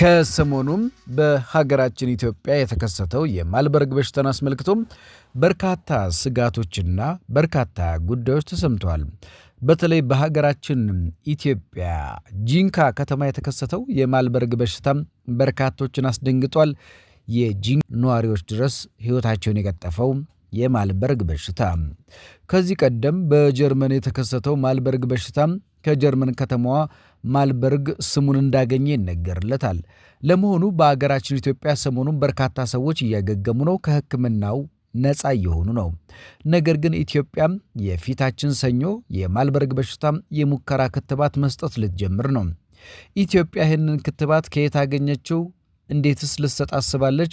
ከሰሞኑም በሀገራችን ኢትዮጵያ የተከሰተው የማልበርግ በሽታን አስመልክቶም በርካታ ስጋቶችና በርካታ ጉዳዮች ተሰምተዋል። በተለይ በሀገራችን ኢትዮጵያ ጂንካ ከተማ የተከሰተው የማልበርግ በሽታም በርካቶችን አስደንግጧል። የጂንካ ነዋሪዎች ድረስ ሕይወታቸውን የቀጠፈው የማልበርግ በሽታ ከዚህ ቀደም በጀርመን የተከሰተው ማልበርግ በሽታም ከጀርመን ከተማዋ ማልበርግ ስሙን እንዳገኘ ይነገርለታል። ለመሆኑ በአገራችን ኢትዮጵያ ሰሞኑን በርካታ ሰዎች እያገገሙ ነው፣ ከህክምናው ነፃ እየሆኑ ነው። ነገር ግን ኢትዮጵያም የፊታችን ሰኞ የማልበርግ በሽታ የሙከራ ክትባት መስጠት ልትጀምር ነው። ኢትዮጵያ ይህንን ክትባት ከየት አገኘችው? እንዴትስ ልትሰጥ አስባለች?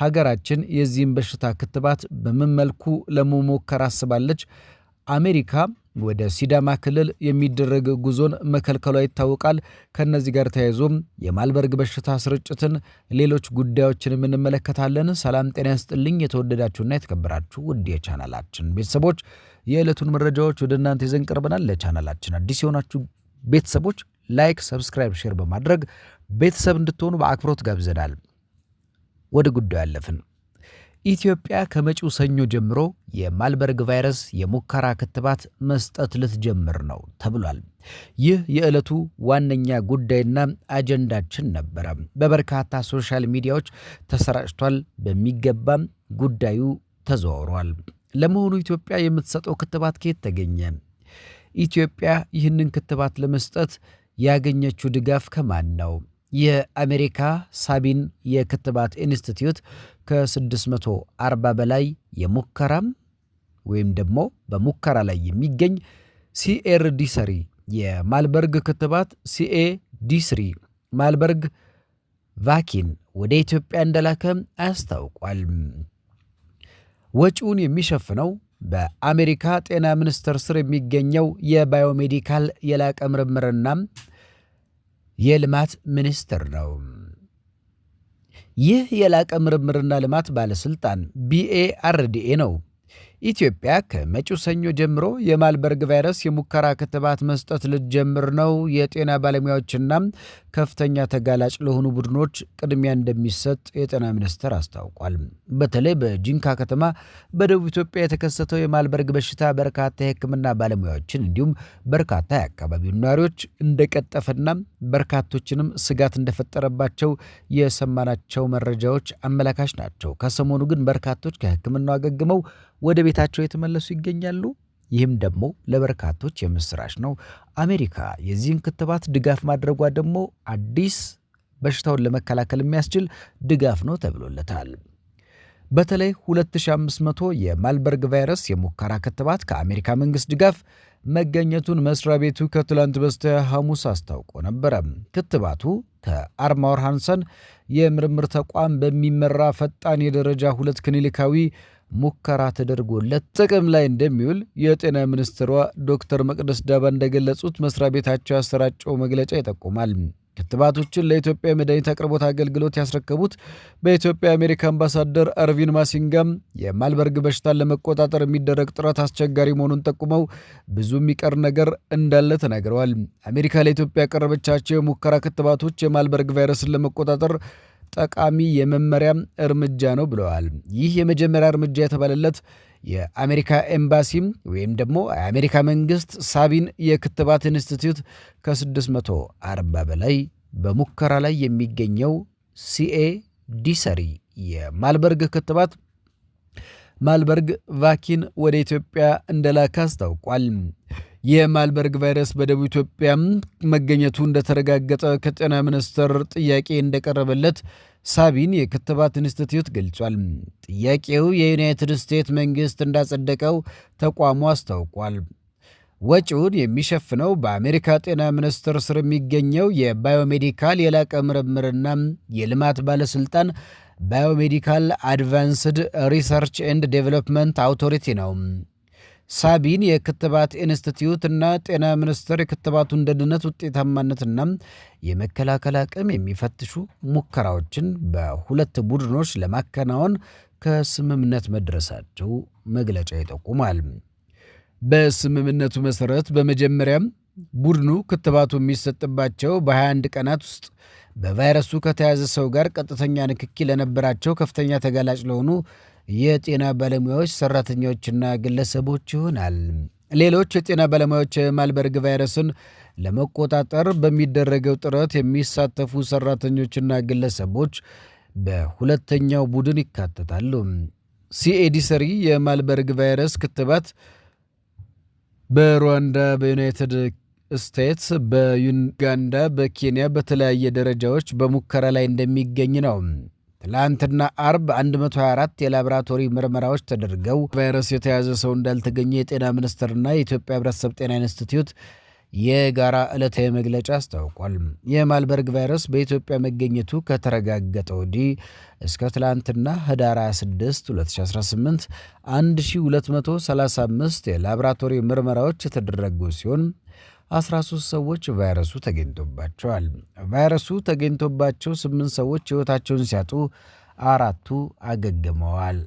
ሀገራችን የዚህም በሽታ ክትባት በምን መልኩ ለመሞከር አስባለች? አሜሪካ ወደ ሲዳማ ክልል የሚደረግ ጉዞን መከልከሏ ይታወቃል። ከእነዚህ ጋር ተያይዞም የማልበርግ በሽታ ስርጭትን፣ ሌሎች ጉዳዮችንም እንመለከታለን። ሰላም ጤና ይስጥልኝ። የተወደዳችሁና የተከበራችሁ ውድ የቻናላችን ቤተሰቦች የዕለቱን መረጃዎች ወደ እናንተ ይዘን ቀርበናል። ለቻናላችን አዲስ የሆናችሁ ቤተሰቦች ላይክ፣ ሰብስክራይብ፣ ሼር በማድረግ ቤተሰብ እንድትሆኑ በአክብሮት ጋብዘናል። ወደ ጉዳዩ አለፍን። ኢትዮጵያ ከመጪው ሰኞ ጀምሮ የማልበርግ ቫይረስ የሙከራ ክትባት መስጠት ልትጀምር ነው ተብሏል። ይህ የዕለቱ ዋነኛ ጉዳይና አጀንዳችን ነበረ። በበርካታ ሶሻል ሚዲያዎች ተሰራጭቷል። በሚገባም ጉዳዩ ተዘዋውሯል። ለመሆኑ ኢትዮጵያ የምትሰጠው ክትባት ከየት ተገኘ? ኢትዮጵያ ይህንን ክትባት ለመስጠት ያገኘችው ድጋፍ ከማን ነው? የአሜሪካ ሳቢን የክትባት ኢንስቲትዩት ከ640 በላይ የሙከራም ወይም ደግሞ በሙከራ ላይ የሚገኝ ሲኤርዲ ሰሪ የማልበርግ ክትባት ሲኤዲ ማልበርግ ቫኪን ወደ ኢትዮጵያ እንደላከ አስታውቋል። ወጪውን የሚሸፍነው በአሜሪካ ጤና ሚኒስቴር ስር የሚገኘው የባዮሜዲካል የላቀ ምርምርና የልማት ሚኒስትር ነው። ይህ የላቀ ምርምርና ልማት ባለስልጣን ቢኤአርዲኤ ነው። ኢትዮጵያ ከመጪው ሰኞ ጀምሮ የማልበርግ ቫይረስ የሙከራ ክትባት መስጠት ልትጀምር ነው። የጤና ባለሙያዎችና ከፍተኛ ተጋላጭ ለሆኑ ቡድኖች ቅድሚያ እንደሚሰጥ የጤና ሚኒስቴር አስታውቋል። በተለይ በጂንካ ከተማ በደቡብ ኢትዮጵያ የተከሰተው የማልበርግ በሽታ በርካታ የሕክምና ባለሙያዎችን እንዲሁም በርካታ የአካባቢው ነዋሪዎች እንደቀጠፈና በርካቶችንም ስጋት እንደፈጠረባቸው የሰማናቸው መረጃዎች አመላካች ናቸው። ከሰሞኑ ግን በርካቶች ከሕክምናው አገግመው ወደ ቤታቸው የተመለሱ ይገኛሉ። ይህም ደግሞ ለበርካቶች የምስራች ነው። አሜሪካ የዚህን ክትባት ድጋፍ ማድረጓ ደግሞ አዲስ በሽታውን ለመከላከል የሚያስችል ድጋፍ ነው ተብሎለታል። በተለይ 2500 የማልበርግ ቫይረስ የሙከራ ክትባት ከአሜሪካ መንግሥት ድጋፍ መገኘቱን መስሪያ ቤቱ ከትላንት በስቲያ ሐሙስ አስታውቆ ነበረ። ክትባቱ ከአርማወር ሃንሰን የምርምር ተቋም በሚመራ ፈጣን የደረጃ ሁለት ክሊኒካዊ ሙከራ ተደርጎለት ጥቅም ላይ እንደሚውል የጤና ሚኒስትሯ ዶክተር መቅደስ ዳባ እንደገለጹት መስሪያ ቤታቸው ያሰራጨው መግለጫ ይጠቁማል። ክትባቶችን ለኢትዮጵያ የመድኃኒት አቅርቦት አገልግሎት ያስረከቡት በኢትዮጵያ የአሜሪካ አምባሳደር አርቪን ማሲንጋም የማልበርግ በሽታን ለመቆጣጠር የሚደረግ ጥረት አስቸጋሪ መሆኑን ጠቁመው ብዙ የሚቀር ነገር እንዳለ ተናግረዋል። አሜሪካ ለኢትዮጵያ ያቀረበቻቸው የሙከራ ክትባቶች የማልበርግ ቫይረስን ለመቆጣጠር ጠቃሚ የመመሪያ እርምጃ ነው ብለዋል። ይህ የመጀመሪያ እርምጃ የተባለለት የአሜሪካ ኤምባሲም ወይም ደግሞ የአሜሪካ መንግስት ሳቢን የክትባት ኢንስቲትዩት ከ640 በላይ በሙከራ ላይ የሚገኘው ሲኤ ዲሰሪ የማልበርግ ክትባት ማልበርግ ቫኪን ወደ ኢትዮጵያ እንደላከ አስታውቋል። የማልበርግ ቫይረስ በደቡብ ኢትዮጵያ መገኘቱ እንደተረጋገጠ ከጤና ሚኒስቴር ጥያቄ እንደቀረበለት ሳቢን የክትባት ኢንስቲትዩት ገልጿል። ጥያቄው የዩናይትድ ስቴትስ መንግሥት እንዳጸደቀው ተቋሙ አስታውቋል። ወጪውን የሚሸፍነው በአሜሪካ ጤና ሚኒስቴር ስር የሚገኘው የባዮሜዲካል የላቀ ምርምርና የልማት ባለሥልጣን ባዮሜዲካል አድቫንስድ ሪሰርች ኤንድ ዴቨሎፕመንት አውቶሪቲ ነው። ሳቢን የክትባት ኢንስቲትዩት እና ጤና ሚኒስቴር የክትባቱን ደህንነት ውጤታማነትና የመከላከል አቅም የሚፈትሹ ሙከራዎችን በሁለት ቡድኖች ለማከናወን ከስምምነት መድረሳቸው መግለጫ ይጠቁማል። በስምምነቱ መሠረት በመጀመሪያም ቡድኑ ክትባቱ የሚሰጥባቸው በ21 ቀናት ውስጥ በቫይረሱ ከተያዘ ሰው ጋር ቀጥተኛ ንክኪ ለነበራቸው ከፍተኛ ተጋላጭ ለሆኑ የጤና ባለሙያዎች ሰራተኞችና ግለሰቦች ይሆናል። ሌሎች የጤና ባለሙያዎች የማልበርግ ቫይረስን ለመቆጣጠር በሚደረገው ጥረት የሚሳተፉ ሰራተኞችና ግለሰቦች በሁለተኛው ቡድን ይካተታሉ። ሲኤዲ ሰሪ ቫይረስ ክትባት በሩዋንዳ፣ በዩናይትድ ስቴትስ፣ በዩጋንዳ፣ በኬንያ በተለያየ ደረጃዎች በሙከራ ላይ እንደሚገኝ ነው። ትላንትና አርብ 124 የላቦራቶሪ ምርመራዎች ተደርገው ቫይረስ የተያዘ ሰው እንዳልተገኘ የጤና ሚኒስቴርና የኢትዮጵያ ሕብረተሰብ ጤና ኢንስቲትዩት የጋራ ዕለታዊ መግለጫ አስታውቋል። የማልበርግ ቫይረስ በኢትዮጵያ መገኘቱ ከተረጋገጠ ወዲህ እስከ ትላንትና ህዳር 26 2018 1235 የላቦራቶሪ ምርመራዎች የተደረጉ ሲሆን 13 ሰዎች ቫይረሱ ተገኝቶባቸዋል። ቫይረሱ ተገኝቶባቸው ስምንት ሰዎች ሕይወታቸውን ሲያጡ አራቱ አገግመዋል።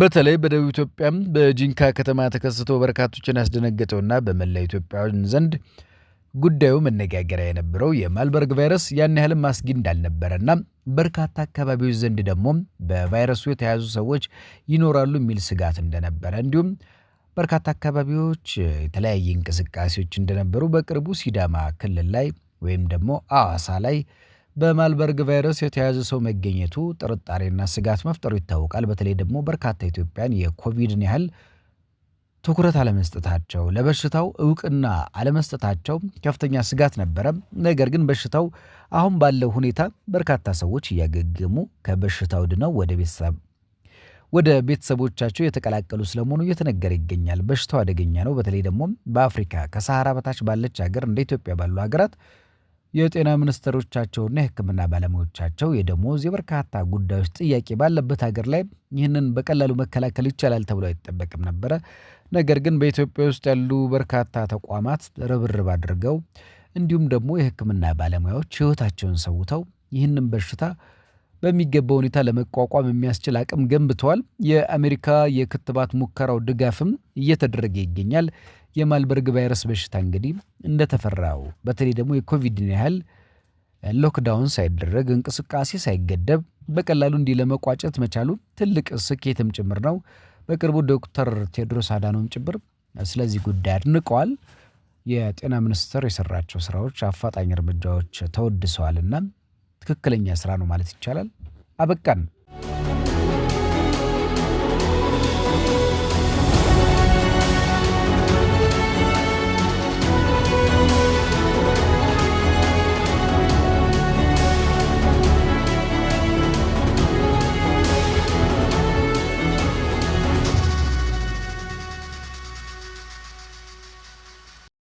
በተለይ በደቡብ ኢትዮጵያ በጂንካ ከተማ ተከስቶ በርካቶችን ያስደነገጠውና በመላ ኢትዮጵያውያን ዘንድ ጉዳዩ መነጋገሪያ የነበረው የማልበርግ ቫይረስ ያን ያህል አስጊ እንዳልነበረና በርካታ አካባቢዎች ዘንድ ደግሞ በቫይረሱ የተያዙ ሰዎች ይኖራሉ የሚል ስጋት እንደነበረ እንዲሁም በርካታ አካባቢዎች የተለያየ እንቅስቃሴዎች እንደነበሩ በቅርቡ ሲዳማ ክልል ላይ ወይም ደግሞ አዋሳ ላይ በማልበርግ ቫይረስ የተያዘ ሰው መገኘቱ ጥርጣሬና ስጋት መፍጠሩ ይታወቃል። በተለይ ደግሞ በርካታ ኢትዮጵያን የኮቪድን ያህል ትኩረት አለመስጠታቸው፣ ለበሽታው እውቅና አለመስጠታቸው ከፍተኛ ስጋት ነበረ። ነገር ግን በሽታው አሁን ባለው ሁኔታ በርካታ ሰዎች እያገገሙ ከበሽታው ድነው ወደ ቤተሰብ ወደ ቤተሰቦቻቸው የተቀላቀሉ ስለመሆኑ እየተነገረ ይገኛል። በሽታው አደገኛ ነው። በተለይ ደግሞ በአፍሪካ ከሰሃራ በታች ባለች ሀገር እንደ ኢትዮጵያ ባሉ ሀገራት የጤና ሚኒስትሮቻቸውና የሕክምና ባለሙያዎቻቸው የደሞዝ የበርካታ ጉዳዮች ጥያቄ ባለበት ሀገር ላይ ይህንን በቀላሉ መከላከል ይቻላል ተብሎ አይጠበቅም ነበረ። ነገር ግን በኢትዮጵያ ውስጥ ያሉ በርካታ ተቋማት ርብርብ አድርገው እንዲሁም ደግሞ የሕክምና ባለሙያዎች ሕይወታቸውን ሰውተው ይህንን በሽታ በሚገባ ሁኔታ ለመቋቋም የሚያስችል አቅም ገንብተዋል። የአሜሪካ የክትባት ሙከራው ድጋፍም እየተደረገ ይገኛል። የማልበርግ ቫይረስ በሽታ እንግዲህ እንደተፈራው በተለይ ደግሞ የኮቪድን ያህል ሎክዳውን ሳይደረግ እንቅስቃሴ ሳይገደብ በቀላሉ እንዲህ ለመቋጨት መቻሉ ትልቅ ስኬትም ጭምር ነው። በቅርቡ ዶክተር ቴዎድሮስ አዳኖም ጭምር ስለዚህ ጉዳይ አድንቀዋል። የጤና ሚኒስቴር የሰራቸው ስራዎች አፋጣኝ እርምጃዎች ተወድሰዋልና ትክክለኛ ስራ ነው ማለት ይቻላል። አበቃን።